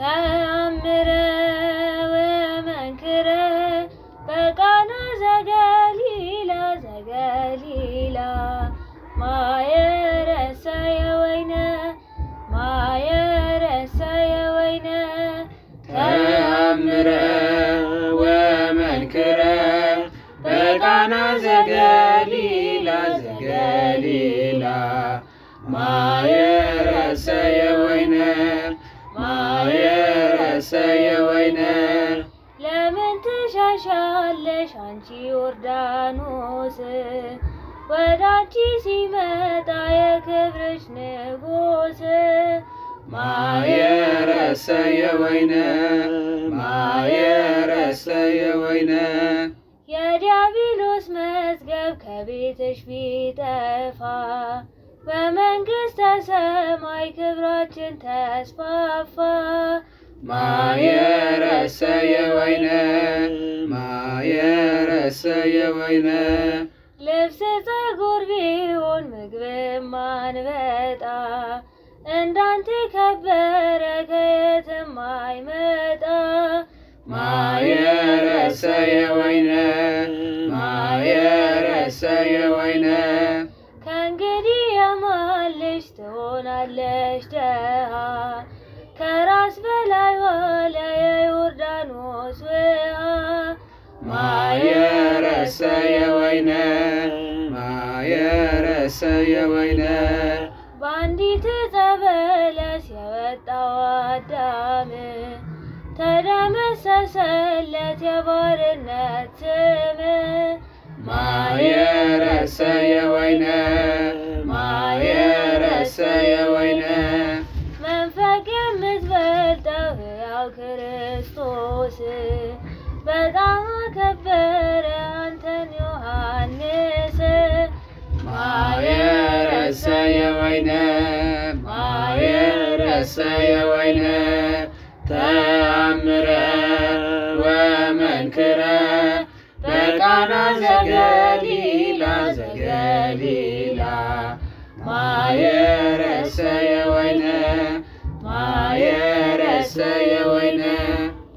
ተአምረ ወመንክረ በቃና ዘገሊላ ዘገሊላ ማየረሰ የወይነ ማየረሰ የወይነ ተአምረ ወመንክረ በቃና ዘገሊላ ዘገሊላ ነሽ። ለምን ትሻሻለሽ አንቺ ዮርዳኖስ ወደ ሲመጣ የክብርሽ ንጉሥ ማየረሰ የወይነ ማየረሰ የወይነ የዲያብሎስ መዝገብ ከቤትሽ ቢጠፋ በመንግሥተ ሰማይ ክብራችን ተስፋፋ ማየ ረሰየ ወይነ ማየ ረሰየ ወይነ ልብስ ጸጉር ቢሆን ምግብ ማንበጣ እንዳንተ ከበረ ከየትም አይመጣ ማየ ረሰየ ወይነ ማየ ረሰየ ወይነ ከእንግዲህ የማን ልጅ ትሆናለች ደሃ ከራስ በላይ ወለ ረሰየ ወይነ ማየረሰየ ወይነ በአንዲት ጸበለስ የወጣው አዳም ተደመሰሰለት የባርነት ስም። ማየረሰየ ወይነ ማየረሰየ ወይነ መንፈቅ የምትበልጠው ሕያው ክርስቶስ ተሰየ ወይነ ተአምረ ወመንክረ በቃና ዘገሊላ ዘገሊላ ማየረሰየ ወይነ ማየረሰየ